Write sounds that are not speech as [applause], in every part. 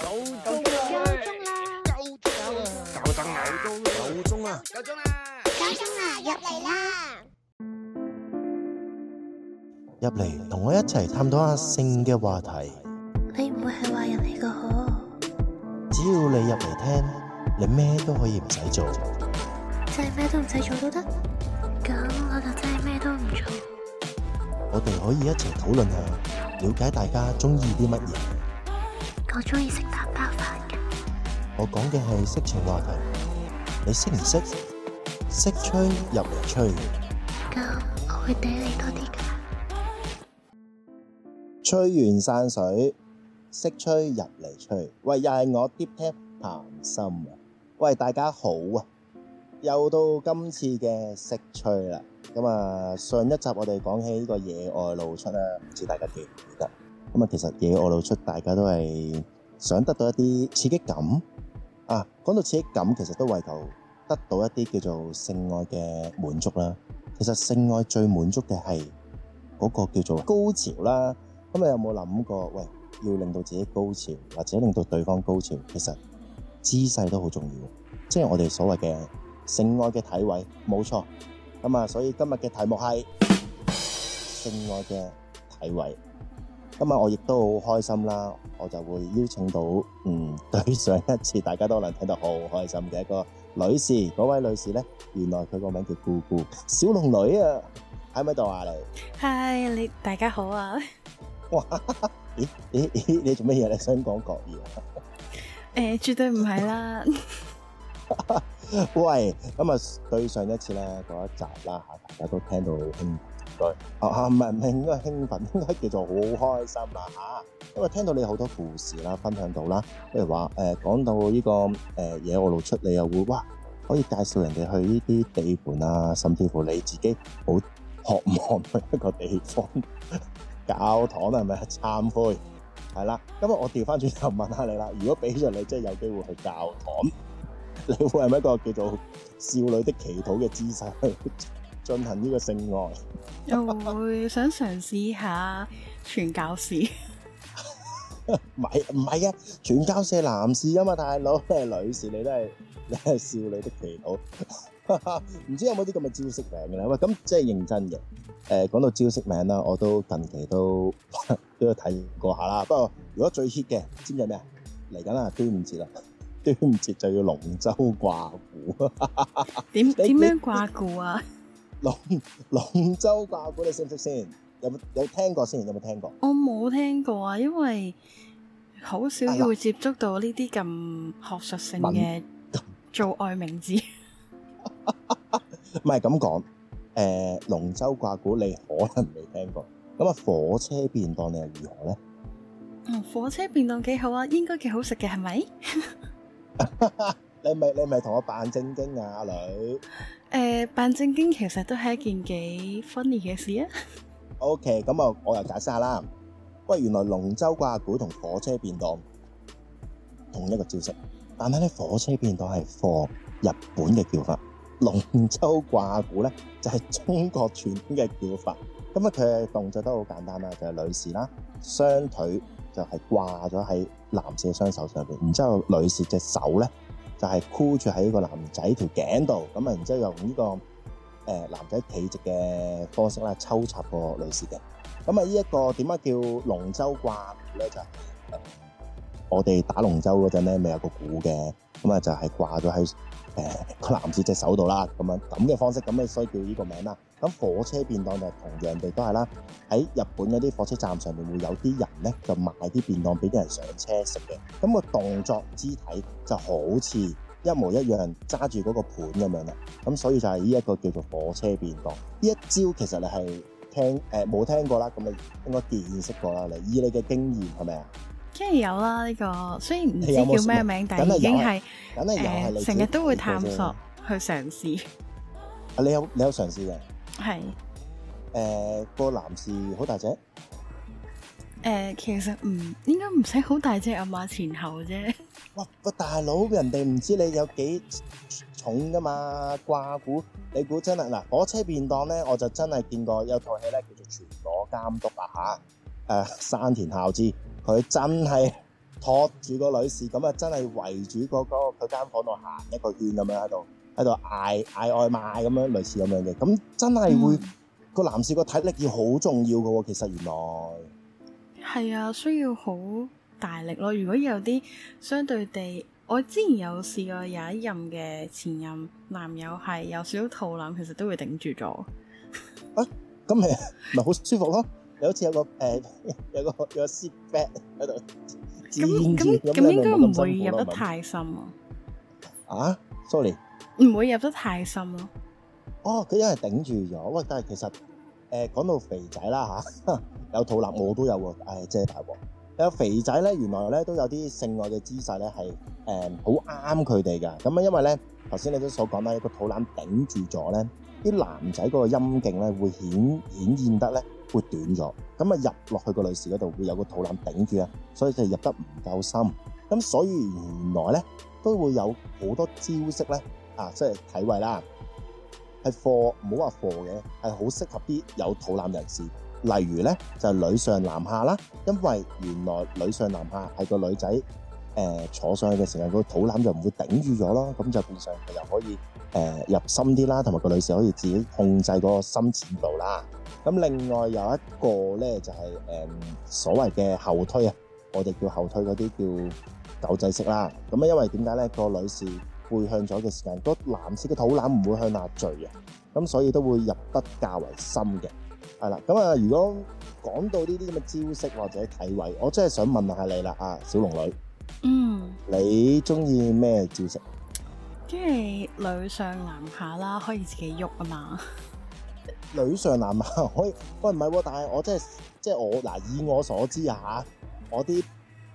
九鐘啦！九鐘啦！九等九鐘，九鐘啊！九鐘啦！入嚟啦！入嚟同我一齊探討下性嘅話題。你唔會係話人嚟噶？只要你入嚟聽，你咩都可以唔使做。就係咩都唔使做都得？咁我就真係咩都唔做。我哋可以一齊討論下，了解大家中意啲乜嘢。我中意食蛋包飯嘅。我講嘅係色情話題，你識唔識？色吹，入嚟吹。咁我會俾你多啲噶。吹完散水，色吹，入嚟吹。喂，又係我 DeepTam 談深啊！喂，大家好啊！又到今次嘅色吹啦。咁啊，上一集我哋講起呢個野外露出啦，唔知大家記唔記得？咁啊，其實野外露出大家都係。想得到一啲刺激感啊！講到刺激感，其實都為求得到一啲叫做性愛嘅滿足啦。其實性愛最滿足嘅係嗰個叫做高潮啦。咁你有冇諗過，喂，要令到自己高潮，或者令到對方高潮，其實姿勢都好重要，即係我哋所謂嘅性愛嘅體位，冇錯。咁啊，所以今日嘅題目係性愛嘅體位。今日我亦都好開心啦，我就會邀請到嗯，對上一次大家都能睇到好開心嘅一個女士，嗰位女士咧，原來佢個名叫姑姑，小龍女啊，喺咪度啊你？嗨，你大家好啊！哇，咦咦咦，你做咩嘢咧？想講國語啊？誒，絕對唔係啦。 [laughs] 喂，咁啊，對上一次咧嗰一集啦嚇，大家都聽到興奮，應該哦唔係唔係應該興奮，應該叫做好開心啦、啊、嚇，因為聽到你好多故事啦，分享到啦，譬如話誒、欸、講到呢、這個誒嘢、欸、外露出，你又會哇，可以介紹人哋去呢啲地盤啊，甚至乎你自己好渴望去一個地方， [laughs] 教堂係咪啊？懺悔係啦，咁啊，我調翻轉頭問下你啦，如果俾咗你，即係有機會去教堂？你會係咪一個叫做少女的祈禱嘅姿勢進 [laughs] 行呢個性愛？ [laughs] 又會想嘗試下傳教士？唔係唔係啊，傳教士男士啊嘛，大佬你係女士，你都係你係少女的祈禱。唔 [laughs] 知有冇啲咁嘅招式名咧？喂，咁即係認真嘅。誒、欸，講到招式名啦，我都近期都 [laughs] 都有睇過下啦。不過如果最 hit 嘅，知唔知係咩啊？嚟緊啦，端午節啦。端午節就要龍舟掛鼓，點 [laughs] 點樣掛鼓啊？龍龍 [laughs] 舟掛鼓你識唔識先？有有聽過先？有冇聽過？我冇聽過啊，因為好少會接觸到呢啲咁學術性嘅、啊、 [laughs] 做愛名字。唔係咁講，誒，龍、呃、龍舟掛鼓你可能未聽過，咁啊火車便當你又如何咧？嗯、哦，火車便當幾好啊，應該幾好食嘅係咪？ [laughs] [laughs] 你咪你咪同我扮正經啊，阿女。誒，扮正經其實都係一件幾 funny 嘅事啊。OK，咁啊，我又解釋下啦。喂，原來龍舟掛鼓同火車便當同一個招式，但係咧火車便當係放日本嘅叫法，龍舟掛鼓咧就係中國傳統嘅叫法。咁啊，佢嘅動作都好簡單啦，就係女士啦，雙腿就係掛咗喺。男士雙手上邊，然之後女士隻手咧就係箍住喺個男仔條頸度，咁啊，然之後用呢、這個誒、呃、男仔企直嘅方式咧抽插個女士嘅，咁、嗯、啊、這個、呢、就是呃、呢一個點樣叫龍舟掛，咧就係我哋打龍舟嗰陣咧咪有個鼓嘅，咁啊就係掛咗喺誒個男士隻手度啦，咁樣咁嘅方式，咁咪所以叫呢個名啦。咁火車便當就係同樣地都係啦，喺日本嗰啲火車站上面會有啲人咧就賣啲便當俾啲人上車食嘅，咁、個動作肢體就好似一模一樣，揸住嗰個盤咁樣啦，咁所以就係呢一個叫做火車便當。呢一招其實你係聽誒冇、呃、聽過啦，咁你應該見識過啦，你以你嘅經驗係咪啊？梗係有啦，呢、個雖然唔知叫咩名，但係已經係、嗯、你成日都會探索去嘗試。啊，你有你有嘗試嘅。係，誒是、呃那個男士好大隻，誒、呃、其實唔、嗯、應該唔使好大隻阿媽前後啫。 [laughs] 哇，個大佬，人哋唔知你有幾重㗎嘛？掛估你估真係嗱，火車便當咧，我就真係見過有套戲咧叫做《全裸監督》啊吓，誒山田孝之佢真係托住個女士咁啊，真係圍住嗰個佢間房度行一個圈咁樣喺度。喺度嗌嗌外賣咁樣，類似咁樣嘅，咁真係會個、嗯、男士個體力要好重要嘅。其實原來係啊，需要好大力咯。如果有啲相對地，我之前有試過有一任嘅前任男友係有少少肚腩，其實都會頂住咗。啊，咁咪咪好舒服咯，有好似有個誒有個有個 sit back 喺度。咁咁咁應該唔會入得太深 [laughs] 啊。啊，sorry。唔會入得太深咯。哦，佢因為頂住咗，喂，但係其實誒、呃、講到肥仔啦嚇， [laughs] 有肚腩我都有喎，即係大鑊。有肥仔咧，原來咧都有啲性愛嘅姿勢咧係誒好啱佢哋嘅。咁、嗯、啊，因為咧頭先你都所講啦，個肚腩頂住咗咧，啲男仔嗰個陰莖咧會顯顯現得咧會短咗。咁啊入落去個女士嗰度會有個肚腩頂住啊，所以就入得唔夠深。咁所以原來咧都會有好多招式咧。啊，即係體位啦，係貨唔好話貨嘅，係好適合啲有肚腩人士。例如咧就係、是、女上男下啦，因為原來女上男下係個女仔誒、呃、坐上去嘅時候，個肚腩就唔會頂住咗咯，咁就變上又可以誒、呃、入深啲啦，同埋個女士可以自己控制嗰個深淺度啦。咁另外有一個咧就係、是、誒、呃、所謂嘅後推啊，我哋叫後推嗰啲叫狗仔式啦。咁啊因為點解咧個女士背向咗嘅時間，個男士嘅肚腩唔會向下墜嘅，咁所以都會入得較為深嘅，係啦。咁啊，如果講到呢啲咁嘅招式或者體位，我真係想問問下你啦，啊小龍女，嗯，你中意咩招式？嗯，即係女上男下啦，可以自己喐啊嘛。女上男下可以？喂唔係喎，但係我真係即係我嗱，以我所知啊吓，我啲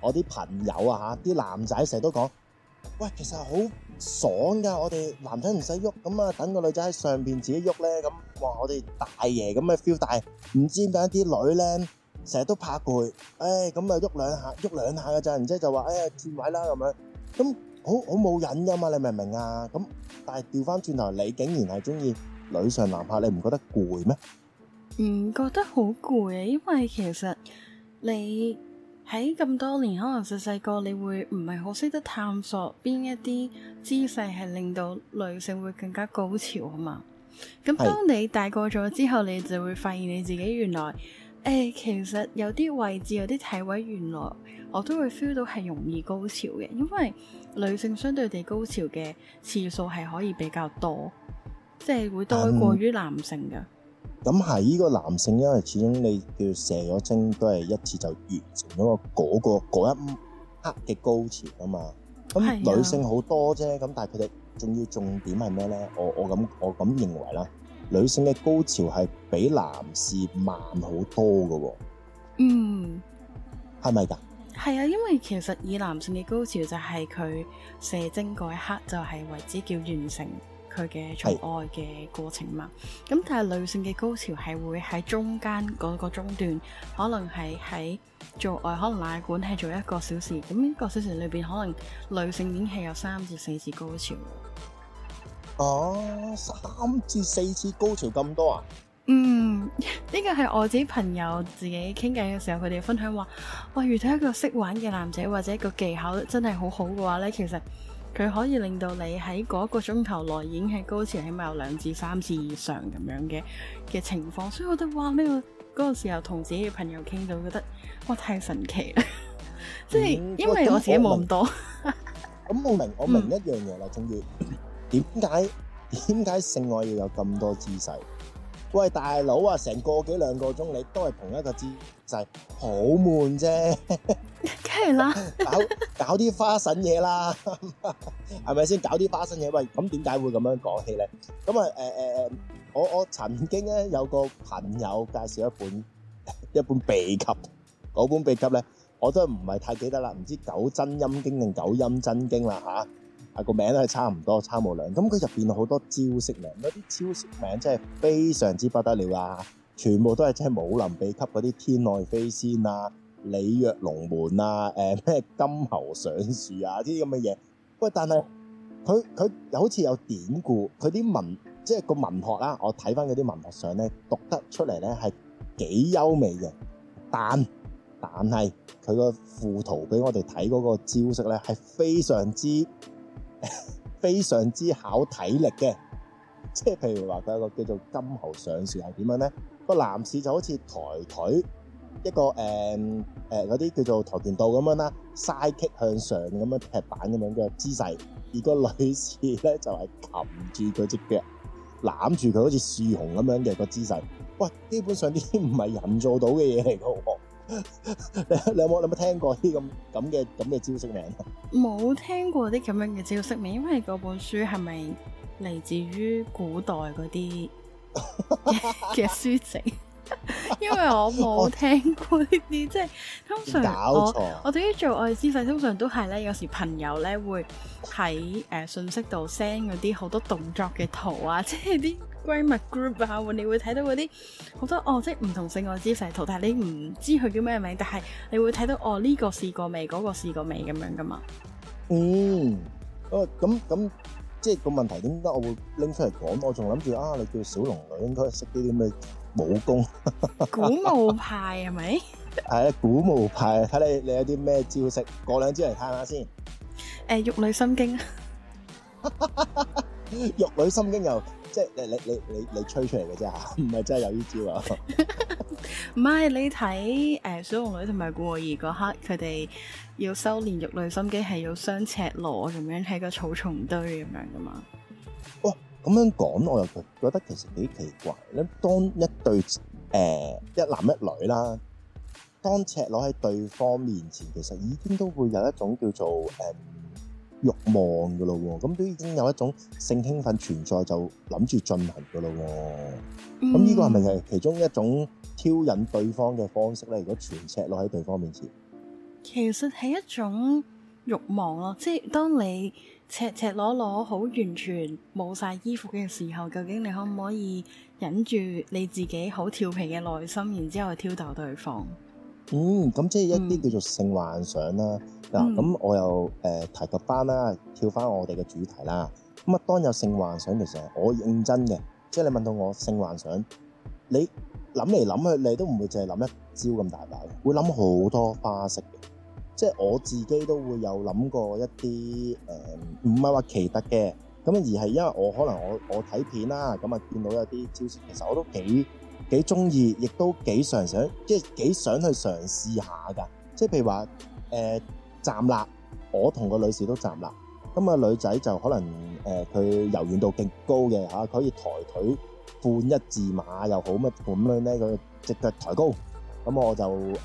我啲朋友啊吓，啲男仔成日都講。喂，其實好爽噶，我哋男仔唔使喐，咁啊等個女仔喺上邊自己喐咧，咁哇我哋大爺咁嘅 feel，但係唔知點解啲女咧成日都怕攰，唉、哎，咁啊喐兩下，喐兩下嘅咋，然之後就話唉轉位啦咁樣，咁好好冇癮啊嘛，你明唔明啊？咁但係調翻轉頭，你竟然係中意女上男下，你唔覺得攰咩？唔覺得好攰，因為其實你。喺咁多年，可能細細個你會唔係好識得探索邊一啲姿勢係令到女性會更加高潮啊嘛。咁當你大個咗之後，你就會發現你自己原來，誒、欸，其實有啲位置、有啲體位，原來我都會 feel 到係容易高潮嘅，因為女性相對地高潮嘅次數係可以比較多，即係會多過於男性㗎。嗯咁係依個男性，因為始終你叫射咗精，都係一次就完成咗，嗰個嗰個嗰一刻嘅高潮啊嘛。咁女性好多啫，咁但係佢哋仲要重點係咩咧？我我咁我咁認為啦，女性嘅高潮係比男士慢好多嘅喎。嗯，係咪噶？係啊，因為其實以男性嘅高潮就係佢射精嗰一刻，就係為之叫完成。佢嘅做愛嘅過程嘛，咁是但係女性嘅高潮係會喺中間嗰個中段，可能係喺做愛，可能奶管係做一個小時，咁一個小時裏邊可能女性已經係有三至四次高潮。哦，三至四次高潮咁多啊？嗯，呢個係我自己朋友自己傾偈嘅時候，佢哋分享話，喂，遇到一個識玩嘅男仔或者一個技巧真係好好嘅話呢其實。佢可以令到你喺嗰個鐘頭內，已經係高潮，起碼有兩至三次以上咁樣嘅嘅情況，所以我覺得哇！呢個嗰個時候同自己嘅朋友傾到，覺得哇，太神奇啦！ [laughs] 嗯、即係、嗯、因為我自己冇咁多。咁我明， [laughs] 我明，我明一樣嘢啦，仲要點解，點解性愛要有咁多姿勢？喂，大佬啊，成個幾兩個鐘你都係同一個姿勢，就係好悶啫。梗 [laughs] 係啦，搞搞啲花臣嘢啦，係咪先？搞啲花臣嘢。喂，咁點解會咁樣講起咧？咁啊，誒、呃、誒、呃，我我曾經咧有個朋友介紹一本一本秘笈，嗰本秘笈咧我都唔係太記得啦，唔知九真陰經定九陰真經啦嚇。啊！個名都係差唔多，差無兩樣。咁佢入邊好多招式名，嗰啲招式名真係非常之不得了啊！全部都係即係武林秘級嗰啲天外飛仙啊、鯉躍龍門啊、誒咩金猴上樹啊，啲咁嘅嘢。喂，但係佢佢好似有典故，佢啲文即係個文學啦。我睇翻嗰啲文學上咧，讀得出嚟咧係幾優美嘅。但但係佢個附圖俾我哋睇嗰個招式咧，係非常之～ [laughs] 非常之考體力嘅，即係譬如話佢有個叫做金猴上樹係點樣咧？個男士就好似抬腿一個誒誒嗰啲叫做跆拳道咁樣啦，side kick 向上咁樣踢板咁樣嘅姿勢，而個女士咧就係擒住佢隻腳攬住佢好似樹熊咁樣嘅個姿勢。喂，基本上啲唔係人做到嘅嘢嚟嘅。 [laughs] 你有冇，你有冇聽過啲咁咁嘅咁嘅招式名？冇聽過啲咁樣嘅招式名，因為嗰本書係咪嚟自於古代嗰啲嘅書籍？ [laughs] 因為我冇聽過呢啲， [laughs] 即係通常我 [laughs] 我，我對於做愛姿勢通常都係咧，有時朋友咧會喺誒、呃、信息度 send 嗰啲好多動作嘅圖啊，即係啲。閨蜜 group 啊，你會睇到嗰啲好多哦，即係唔同性愛姿勢圖，但係你唔知佢叫咩名，但係你會睇到哦呢個試過未，嗰個試過未咁樣噶嘛？嗯，哦咁咁，即係個問題，點解我會拎出嚟講？我仲諗住啊，你叫小龍女應該識啲啲咩武功？古墓派係咪？係啊古墓派，睇你你有啲咩招式？過兩招嚟睇下先。誒，玉女心經。玉女心經又？即係你你你你你吹出嚟嘅啫嚇，唔係真係有呢招啊！唔 [laughs] 係 [laughs] 你睇，誒、呃、小龍女同埋過兒嗰刻，佢哋要修煉玉女心經，係要雙赤裸咁樣喺個草叢堆咁樣㗎嘛？哦，咁樣講我又覺得其實幾奇怪。你當一對誒、呃、一男一女啦，當赤裸喺對方面前，其實已經都會有一種叫做誒。呃慾望噶咯喎，咁都已經有一種性興奮存在，就諗住進行噶咯喎。咁呢、嗯、個係咪係其中一種挑引對方嘅方式咧？如果全赤裸喺對方面前，其實係一種慾望咯。即係當你赤赤裸裸、好完全冇晒衣服嘅時候，究竟你可唔可以忍住你自己好調皮嘅內心，然之後挑逗對方？嗯，咁即係一啲叫做性幻想啦。嗯嗯。嗱，咁、嗯、我又誒、呃、提及翻啦，跳翻我哋嘅主題啦。咁、嗯、啊，當有性幻想，其實我認真嘅，即係你問到我性幻想，你諗嚟諗去，你都唔會淨係諗一招咁大把，會諗好多花式嘅。即係我自己都會有諗過一啲誒，唔係話奇特嘅，咁、嗯、而係因為我可能我我睇片啦，咁、嗯、啊見到有啲招式，其實我都幾幾鍾意，亦都幾想，即係幾想去嘗試下㗎。即係譬如話誒。呃站立，我同個女士都站立，咁、嗯、啊女仔就可能誒佢、呃、柔軟度勁高嘅嚇，啊、佢可以抬腿半一字馬又好乜咁樣咧，佢隻腳抬高，咁、嗯、我就誒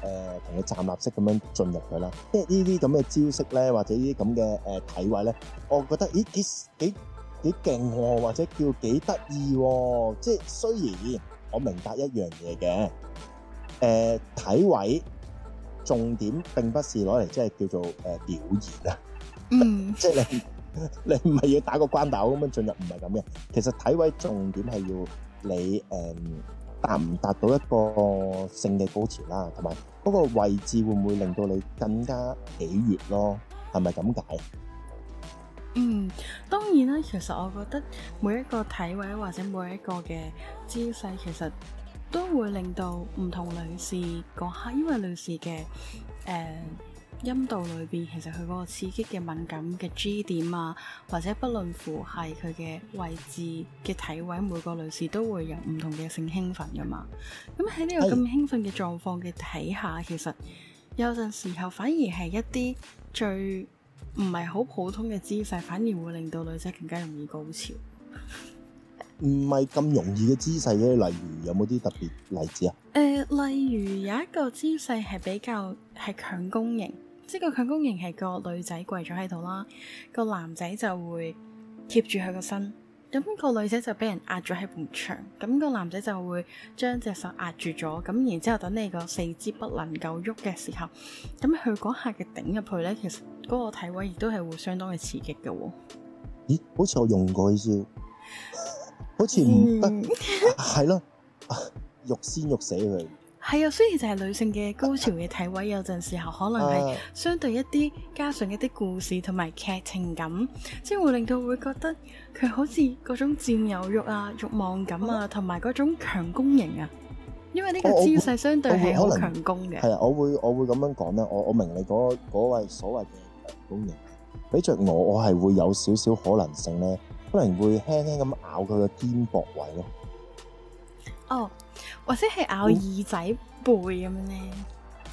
同佢站立式咁樣進入佢啦。即係呢啲咁嘅招式咧，或者呢啲咁嘅誒體位咧，我覺得咦幾幾幾勁喎，或者叫幾得意喎。即係雖然我明白一樣嘢嘅誒體位。重點並不是攞嚟即係叫做誒、呃、表現啊，嗯，即係 [laughs] 你你唔係要打個關斗咁樣進入，唔係咁嘅。其實體位重點係要你誒、嗯、達唔達到一個性嘅高潮啦，同埋嗰個位置會唔會令到你更加喜悅咯？係咪咁解？嗯，當然啦。其實我覺得每一個體位或者每一個嘅姿勢其實。都會令到唔同女士嗰刻，因為女士嘅誒陰道裏邊，其實佢嗰個刺激嘅敏感嘅 G 點啊，或者不論乎係佢嘅位置嘅體位，每個女士都會有唔同嘅性興奮噶嘛。咁喺呢個咁興奮嘅狀況嘅睇下，哎、其實有陣時候反而係一啲最唔係好普通嘅姿勢，反而會令到女仔更加容易高潮。唔係咁容易嘅姿勢咧，例如有冇啲特別例子啊？誒、呃，例如有一個姿勢係比較係強攻型，即係個強攻型係個女仔跪咗喺度啦，個男仔就會貼住佢個身，咁、那個女仔就俾人壓咗喺埲牆，咁、那個男仔就會將隻手壓住咗，咁然之後等你個四肢不能夠喐嘅時候，咁佢嗰下嘅頂入去咧，其實嗰個體位亦都係會相當嘅刺激嘅。咦？好似我用過少。好似唔得，係咯、嗯，欲仙欲死佢。係啊，雖然就係女性嘅高潮嘅體位，有陣時候可能係相對一啲、啊、加上一啲故事同埋劇情感，即係會令到會覺得佢好似嗰種佔有慾啊、慾望感啊、同埋嗰種強攻型啊。因為呢個姿勢相對係好強攻嘅。係啊，我會我會咁樣講咧，我我，我明你嗰位所謂嘅強攻型，俾着我我係會有少少可能性咧。可能會輕輕咁咬佢個肩膊位咯，oh, 哦，或者係咬耳仔背咁樣咧，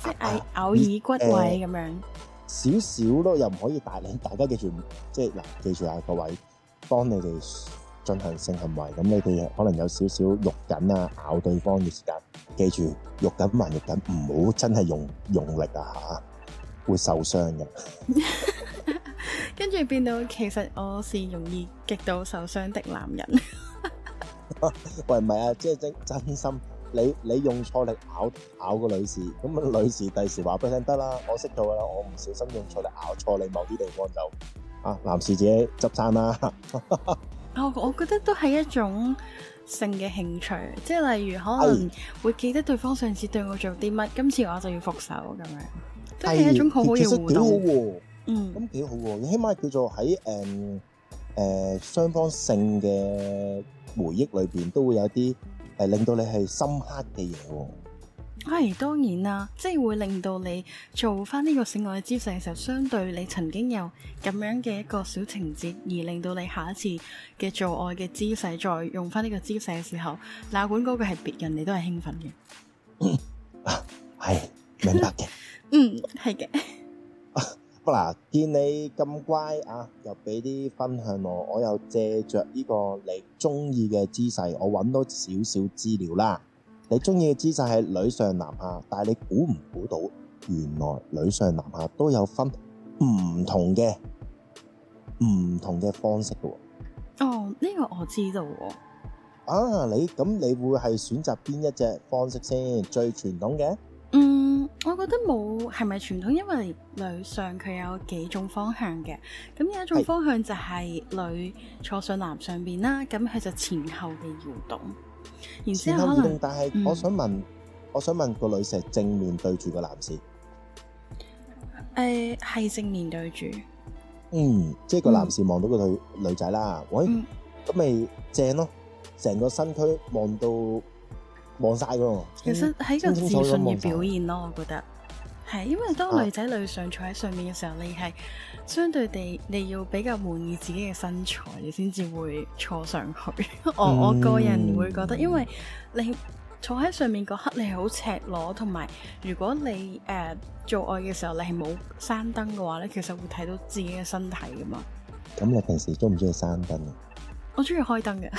即係咬耳骨位咁樣，少少咯，又唔可以大力。大家記住，即係嗱、啊，記住啊，各位幫你哋進行性行為，咁你哋可能有少少肉緊啊，咬對方嘅時間，記住肉緊還肉緊，唔好真係用用力啊嚇，會受傷嘅。 [laughs] 跟住變到，其實我是容易極到受傷的男人 [laughs] 喂，唔係啊，即係真真心，你你用錯力咬咬個女士，咁啊女士第時話俾你聽得啦，我識到噶啦，我唔小心用錯力咬錯你某啲地方就啊，男士自己執生啦。我我覺得都係一種性嘅興趣，即係例如可能會記得對方上次對我做啲乜，是今次我就要復仇咁樣，都係一種好好嘅互動。嗯，咁幾好喎！你起碼叫做喺誒誒雙方性嘅回憶裏邊，都會有啲誒、呃、令到你係深刻嘅嘢喎。係、哎、當然啦，即係會令到你做翻呢個性愛嘅姿勢嘅時候，相對你曾經有咁樣嘅一個小情節，而令到你下一次嘅做愛嘅姿勢，再用翻呢個姿勢嘅時候，哪管嗰個係別人，你都係興奮嘅。嗯，係、哎、明白嘅。 [laughs] 嗯，係嘅。嗱，見你咁乖啊，又俾啲分享我，我又借着呢個你中意嘅姿勢，我揾多少少資料啦。你中意嘅姿勢係女上男下，但係你估唔估到，原來女上男下都有分唔同嘅唔同嘅方式喎、啊。哦，呢個我知道喎。啊，你咁你會係選擇邊一隻方式先？最傳統嘅。都冇係咪傳統？因為女上佢有幾種方向嘅，咁有一種方向就係女坐上男上邊啦，咁佢是就前後嘅搖動。然後可能前後搖動，但係我，、嗯、我想問，我想問個女石正面對住、呃嗯、個男士。誒，係正面對住。嗯，即係個男士望到個女女仔啦，喂，咁咪正咯，成個身軀望到望晒噶。其實喺一種自信嘅表現咯，我覺得。係，因為當女仔女上坐喺上面嘅時候，啊、你係相對地你要比較滿意自己嘅身材，你先至會坐上去。 [laughs] 我、嗯、我個人會覺得，因為你坐喺上面嗰刻，你係好赤裸，同埋如果你誒、呃、做愛嘅時候你係冇閂燈嘅話咧，其實會睇到自己嘅身體噶嘛。咁你平時中唔中意閂燈啊？我中意開燈嘅。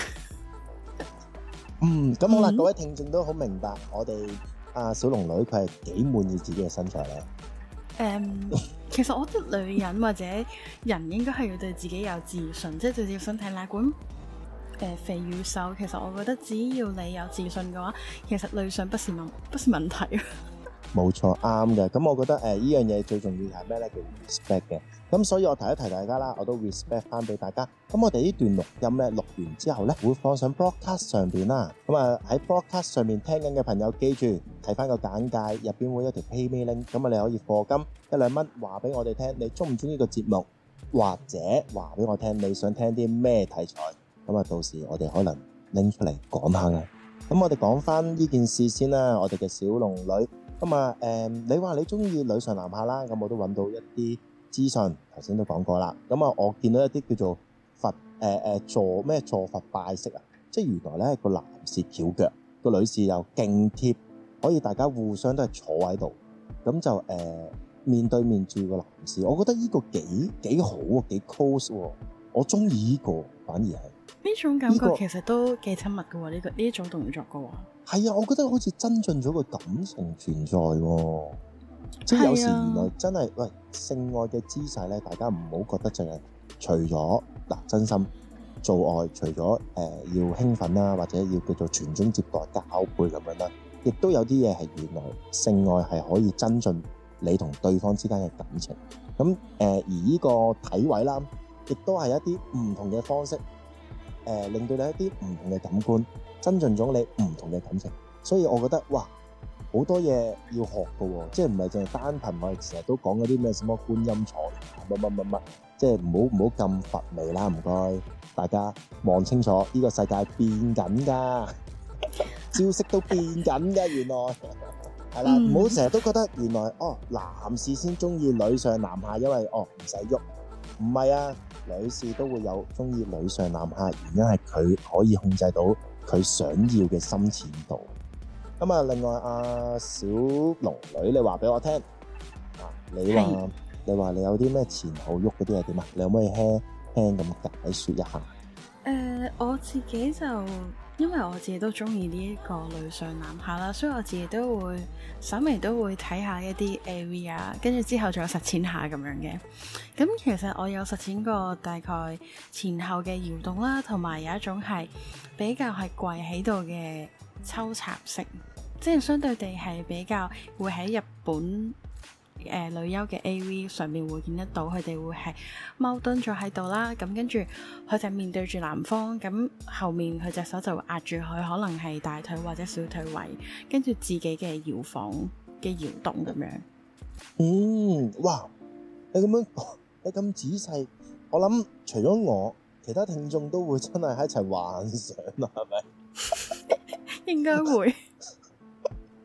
嗯，咁好啦，嗯、各位聽眾都好明白我哋。阿、啊、小龍女佢係幾滿意自己嘅身材咧？誒，um，其實我覺得女人或者人應該係要， [laughs] 要對自己有自信，即係對自己想睇奶管誒肥與瘦。其實我覺得只要你有自信嘅話，其實女上不是問，不是問題。冇 [laughs] 錯，啱嘅。咁我覺得誒呢樣嘢最重要係咩咧？叫 respect 嘅。咁所以我提一提大家啦，我都 respect 翻俾大家。咁我哋呢段錄音咧錄完之後咧，會放上 broadcast 上邊啦。咁啊喺 broadcast 上面聽緊嘅朋友記住，睇翻個簡介入邊會有條 payme link，咁啊你可以課金一兩蚊話俾我哋聽，你中唔中意個節目，或者話俾我聽你想聽啲咩題材。咁啊到時我哋可能拎出嚟講下啦。咁我哋講翻呢件事先啦，我哋嘅小龍女。咁啊誒，你話你中意女上男下啦，咁我都揾到一啲。資訊頭先都講過啦，咁啊，我見到一啲叫做佛誒誒、呃、坐咩坐佛拜式啊，即係原來咧個男士翹腳，個女士又勁貼，可以大家互相都係坐喺度，咁就誒、呃、面對面住個男士。我覺得呢個幾幾好喎，幾 close 喎，我中意呢個反而係呢種感覺、這個、其實都幾親密嘅喎，呢、這個呢一種動作嘅喎，係啊，我覺得好似增進咗個感情存在喎、啊。即係有時原來真係，喂，性愛嘅姿勢咧，大家唔好覺得就係除咗嗱、啊、真心做愛，除咗誒、呃、要興奮啦、啊，或者要叫做傳宗接代交配咁樣啦，亦都有啲嘢係原來性愛係可以增進你同對方之間嘅感情。咁誒、呃、而呢個體位啦，亦都係一啲唔同嘅方式，誒、呃、令到你一啲唔同嘅感官，增進咗你唔同嘅感情。所以我覺得，哇！好多嘢要學嘅、哦，即係唔係淨係單憑我哋成日都講嗰啲咩什麼觀音才，乜乜乜乜，即係唔好唔好咁乏味啦，唔該大家望清楚，呢、呢個世界變緊噶， [laughs] 招式都變緊噶，原來係啦，唔好成日都覺得原來哦，男士先中意女上男下，因為哦唔使喐，唔係啊，女士都會有中意女上男下，原因係佢可以控制到佢想要嘅深淺度。咁啊，另外阿小龍女，你話俾我聽，啊，你話是你話你有啲咩前後喐嗰啲係點啊？你可唔可以輕輕咁解說一下？誒、呃，我自己就。因為我自己都中意呢一個女上男下啦，所以我自己都會稍微都會睇下一啲 AV 啊，跟住之後再實踐下咁樣嘅。咁其實我有實踐過大概前後嘅搖動啦，同埋有，有一種係比較係跪喺度嘅抽插式，即係相對地係比較會喺日本。誒，女優嘅 AV 上面會見得到，佢哋會係踎蹲咗喺度啦。咁跟住佢就面對住男方，咁後面佢隻手就會壓住佢，可能係大腿或者小腿位，跟住自己嘅搖晃嘅搖動咁樣。嗯，哇！你咁樣，你咁仔細，我諗除咗我，其他聽眾都會真係喺一齊幻想啊，係咪？ [laughs] [laughs] 應該會。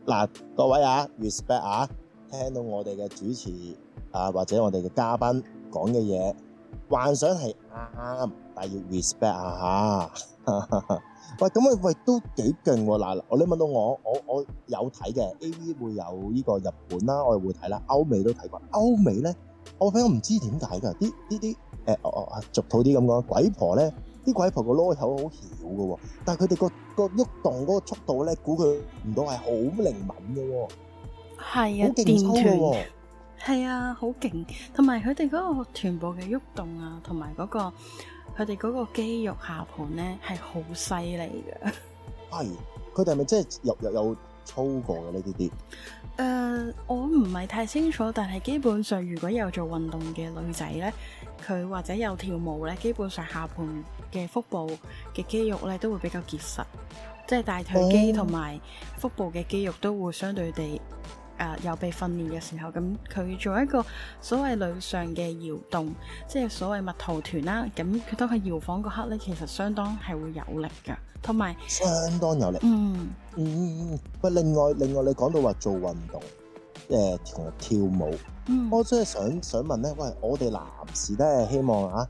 嗱， [laughs] 各位啊，respect 啊！聽到我哋嘅主持啊，或者我哋嘅嘉賓講嘅嘢，幻想係啱，但要 respect 啊吓。喂，咁啊喂，都幾勁喎！嗱，我你問到我，我我有睇嘅 AV 會有呢個日本啦，我哋會睇啦，歐美都睇過。歐美咧，我俾我唔知點解噶，啲呢啲誒，哦哦，俗套啲咁講，鬼婆咧，啲鬼婆個囉頭好小噶，但係佢哋個個喐動嗰個速度咧，估佢唔到係好靈敏嘅。係啊，電臀團係、嗯、啊，好勁！同埋佢哋嗰個臀部嘅喐動啊、那個，同埋嗰個佢哋嗰個肌肉下盤咧，係好犀利嘅。係、哎，佢哋係咪即係日日有操過嘅呢啲啲？誒、呃，我唔係太清楚，但係基本上，如果有做運動嘅女仔咧，佢或者有跳舞咧，基本上下盤嘅腹部嘅肌肉咧，都會比較結實，即、就、係、是、大腿肌同埋腹部嘅肌肉都會相對地、嗯。誒又、啊、被訓練嘅時候，咁佢做一個所謂女上嘅搖動，即係所謂蜜桃臀啦。咁佢當佢搖晃嗰刻咧，其實相當係會有力嘅，同埋相當有力。嗯嗯，喂、嗯，另外另外你講到話做運動，誒、欸、同跳舞，嗯、我真係想想問咧，喂，我哋男士咧，希望啊，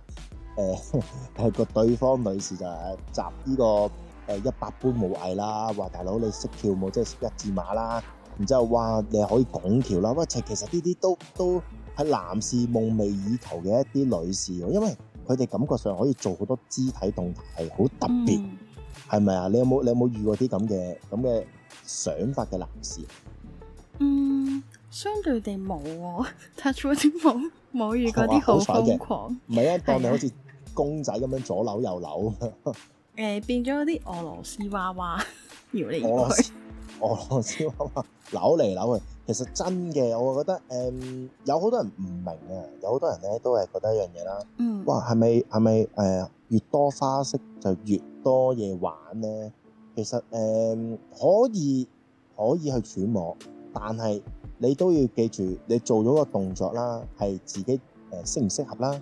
誒係個對方女士就係集呢、這個誒一百般武藝啦，話大佬你識跳舞即係識一字馬啦。然之後話你可以拱橋啦，喂，其實其實呢啲都都係男士夢寐以求嘅一啲女士，因為佢哋感覺上可以做好多肢體動態係好特別，係咪啊？你有冇你有冇遇過啲咁嘅咁嘅想法嘅男士？嗯，相對地冇，touch 我啲冇冇遇過啲好瘋狂，唔係啊，當你好似公仔咁樣的左扭右扭，誒、呃，變咗啲俄羅斯娃娃，搖嚟搖去。俄羅斯扭嚟扭去，其實真嘅，我覺得誒、嗯、有好多人唔明啊，有好多人咧都係覺得一樣嘢啦。嗯，哇，係咪係咪誒越多花式就越多嘢玩咧？其實誒、呃、可以可以去揣摩，但係你都要記住，你做咗個動作啦，係自己誒、呃、適唔適合啦，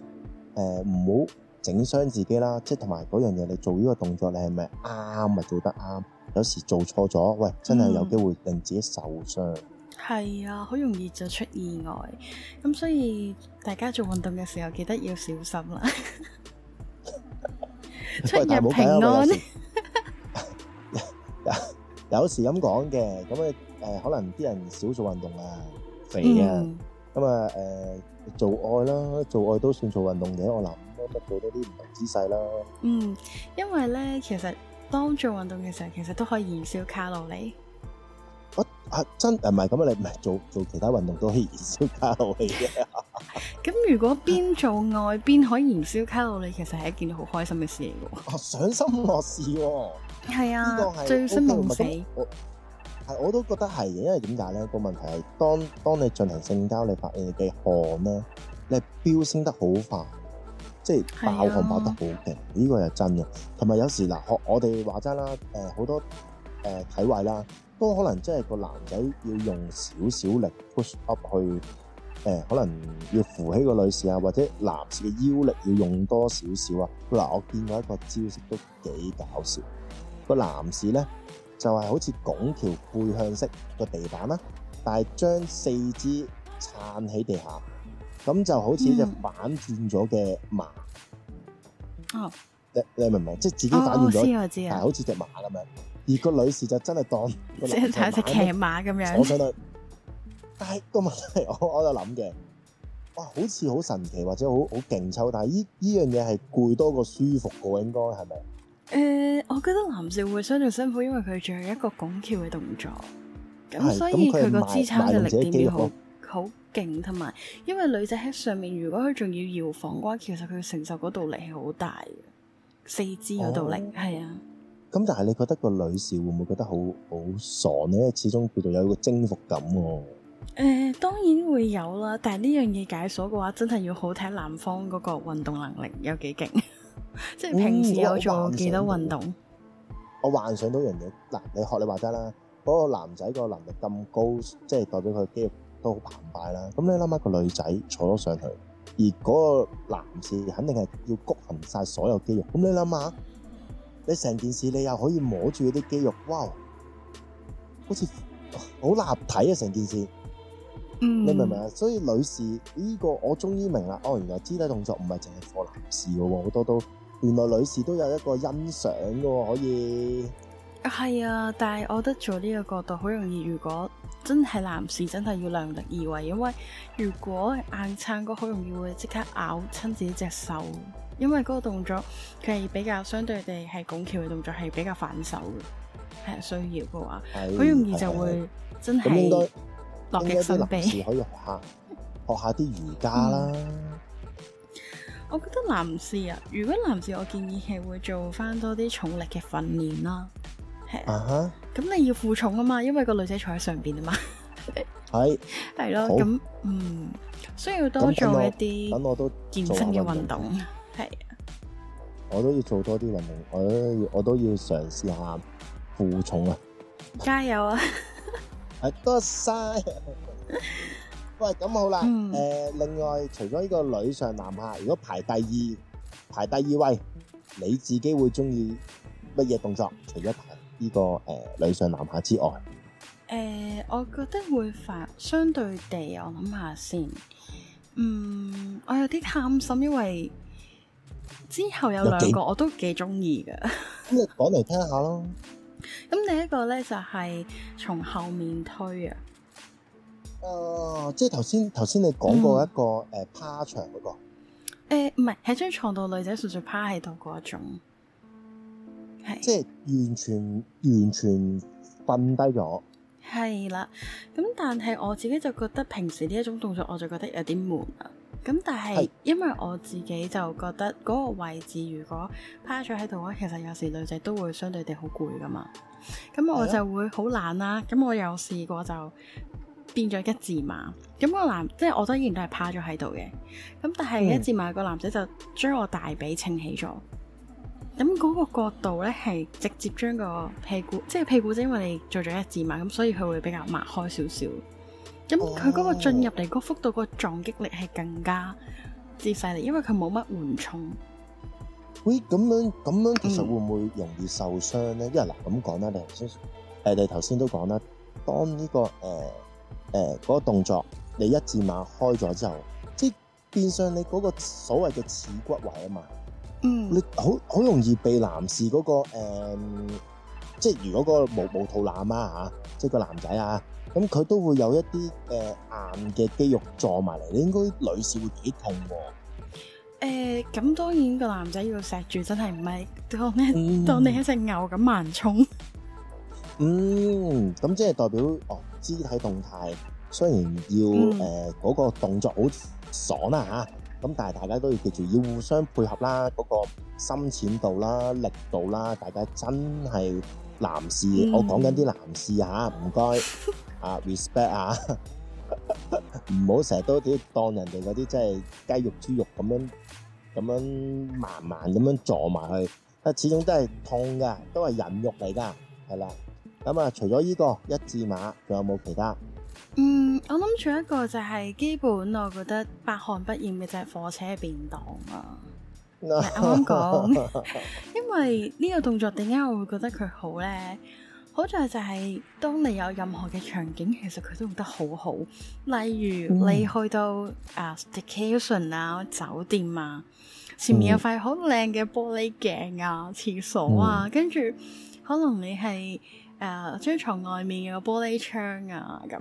誒唔好整傷自己啦，即係同埋嗰樣嘢你做呢個動作你係咪啱啊？做得啱。有時做錯咗，喂，真係有機會令自己受傷。係、嗯、啊，好容易就出意外，咁所以大家做運動嘅時候，記得要小心啦。 [laughs] 出入平安。有時咁講嘅，咁啊， [laughs] [laughs] 誒，可能啲人少做運動啊，肥啊，咁啊、嗯，誒、呃，做愛啦，做愛都算做運動嘅，我諗，乜做多啲唔同姿勢啦。嗯，因為咧，其實，當做運動嘅時候，其實都可以燃燒卡路里。我啊真，誒，唔係咁啊，你唔係做做其他運動都可以燃燒卡路里嘅。咁 [laughs] [laughs] 如果邊做愛邊可以燃燒卡路里，其實係一件好開心嘅事嚟噶。賞心樂事，係啊，啊 [laughs] OK，最分泌。我我都覺得係，因為點解咧？那個問題係，當當你進行性交，你發現你嘅汗咧，你飆升得好快。即係爆汗爆得好勁，呢、啊、個係真嘅。同埋有，有時嗱，我我哋話齋啦，誒、呃、好多誒、呃、體位啦，都可能即係個男仔要用少少力 push up 去誒、呃，可能要扶起個女士啊，或者男士嘅腰力要用多少少啊。嗱、呃，我見過一個招式都幾搞笑，個男士咧就係、是、好似拱橋背向式個地板啦、啊，但係將四肢撐起地下，咁就好似隻反轉咗嘅馬哦，你、嗯、你明唔明？即係自己反轉咗，但係、哦哦、好似隻馬咁樣。而個女士就真係當，即係踩隻騎馬咁樣。 [laughs] [laughs] 我喺度，但係個問題我我有諗嘅，哇，好似好神奇或者好好勁抽，但係依依樣嘢係攰多過舒服噶，應該係咪？誒、呃，我覺得男士會相對辛苦，因為佢做一個拱橋嘅動作，咁所以佢個支撐嘅力點點好。勁同埋，因為女仔喺上面，如果佢仲要搖晃嘅話，其實佢承受嗰度力係好大嘅，四肢嗰度力係、哦、啊。咁但係你覺得個女士會唔會覺得好好傻呢？始終叫做有個徵服感喎、啊。誒、欸，當然會有啦，但係呢樣嘢解鎖嘅話，真係要好睇男方嗰個運動能力有幾勁， [laughs] 即係平時有做幾多運動、嗯。我幻想到樣嘢，嗱，你學你話齋啦，嗰、那個男仔個能力咁高，即係代表佢肌肉。都好澎湃啦！咁你諗下個女仔坐咗上去，而嗰個男士肯定係要谷冚晒所有肌肉。咁你諗下，你成件事你又可以摸住嗰啲肌肉，哇，好似好立體啊成件事。嗯，你明唔明啊？所以女士呢個我終於明啦。哦，原來肢體動作唔係淨係個男士噶，好多都原來女士都有一個欣賞噶，可以。係啊，但係我覺得做呢個角度好容易，如果。真係男士真係要量力而為，因為如果硬撐，哥好容易會即刻咬親自己隻手，因為嗰個動作佢係比較相對地係拱橋嘅動作係比較反手嘅，係需要嘅話，好是容易就會真係。真是 應落應身，多啲男士可以學下， [laughs] 學下啲瑜伽啦、嗯。我覺得男士啊，如果男士，我建議係會做翻多啲重力嘅訓練啦。嗯。啊哈！咁、uh huh. 你要負重啊嘛，因為個女仔坐喺上邊啊嘛。係係咯，咁的好嗯，需要多做一啲，咁我都健身嘅運動。係，我，的我都要做多啲運動，我都要，我都要嘗試下負重啊。加油啊！係 [laughs] [laughs] 多晒了。 [laughs] [laughs] 喂，咁好啦。誒、mm. 呃，另外除咗呢個女上男下，如果排第二，排第二位，你自己會中意乜嘢動作？除咗排。呢個誒，女上男下之外，誒我覺得會快，相對地我諗下先，嗯，我有啲貪心，因為之後有兩個我都幾中意嘅，咁你講嚟聽下咯。咁第一個咧就係從後面推啊。誒，即係頭先頭先你講過一個誒趴牆嗰個，唔係喺張床度女仔純粹趴喺度嗰一種。是即係完全完全瞓低咗。係啦，咁但係我自己就覺得平時呢一種動作，我就覺得有啲悶啊。咁但係因為我自己就覺得嗰個位置如果趴咗喺度咧，其實有時女仔都會相對地好攰噶嘛。咁我就會好懶啦、啊。咁我有試過就變咗一字馬。咁、那個男即係我都依然都係趴咗喺度嘅。咁但係一字馬個男仔就將我大髀撐起咗。咁嗰個角度咧，係直接將個屁股，即係屁股，即係因為你做咗一字馬，咁所以佢會比較擘開少少。咁佢嗰個進入嚟嗰幅度，嗰個撞擊力係更加之犀利，因為佢冇乜緩衝。喂，咁樣咁樣，樣其實會唔會容易受傷咧？嗯、因為嗱，咁講啦，你頭先誒，你頭先都講啦，當呢個誒誒嗰個動作，你一字馬開咗之後，即係變相你嗰個所謂嘅恥骨位啊嘛。嗯，你好好容易被男士嗰、那個誒、呃，即係如果個冇冇肚腩啊吓、啊，即係個男仔啊，咁佢都會有一啲誒、呃、硬嘅肌肉撞埋嚟，你應該女士會幾痛喎。誒、呃，咁當然個男仔要錫住真係唔係當咩，嗯、當你一隻牛咁慢衝。嗯，咁即係代表哦，肢體動態雖然要誒嗰、嗯呃那個動作好爽啦、啊、吓。咁但係大家都要記住，要互相配合啦，嗰、那個深淺度啦、力度啦，大家真係男士，mm. 我講緊啲男士嚇、啊，唔該、 [laughs] uh, respect 啊，respect 下，唔好成日都啲當人哋嗰啲真係雞肉豬肉咁樣咁樣慢慢咁樣坐埋去，始終都係痛㗎，都係人肉嚟㗎，係啦。咁啊，除咗呢、這個一字馬，仲有冇其他？嗯，我諗住一個就係基本，我覺得百看不厭嘅就係火車便當啊！啱啱講， [laughs] 因為呢個動作點解我會覺得佢好咧？好在就係當你有任何嘅場景，其實佢都用得好好。例如你去到誒 destination 啊，酒店啊，前面有塊好靚嘅玻璃鏡啊，廁所啊，mm hmm. 跟住可能你係誒張床外面有玻璃窗啊咁。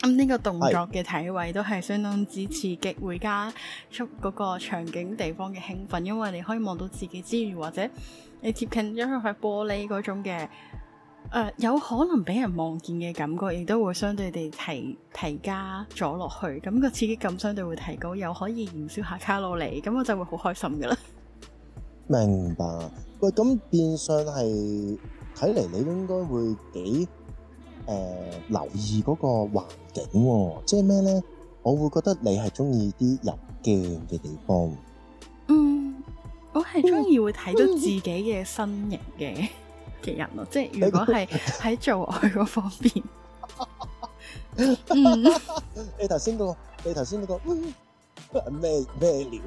咁呢個動作嘅體位都係相當之刺激，會加速嗰個場景地方嘅興奮，因為你可以望到自己之餘，或者你貼近一塊玻璃嗰種嘅，誒、呃，有可能俾人望見嘅感覺，亦都會相對地提提加咗落去，咁個刺激感相對會提高，又可以燃燒下卡路里，咁我就會好開心噶啦。明白，喂，咁變相係睇嚟，你應該會幾？誒、呃，留意嗰個環境、哦，即係咩咧？我會覺得你係中意啲入鏡嘅地方。嗯，我係中意會睇到自己嘅身形嘅嘅 [laughs] 人咯、哦，即、就、係、是、如果係喺做愛嗰方邊。你頭先嗰個，你頭先嗰個，嗯、哎，咩咩料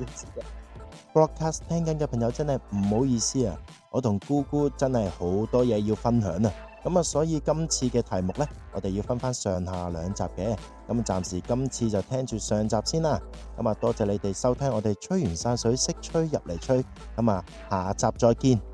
？Broadcast 聽緊嘅朋友真係唔好意思啊，我同姑姑真係好多嘢要分享啊！咁啊，所以今次嘅題目呢，我哋要分翻上下兩集嘅。咁啊，暫時今次就聽住上集先啦。咁啊，多謝你哋收聽我哋吹完山水，色吹入嚟吹。咁啊，下集再見。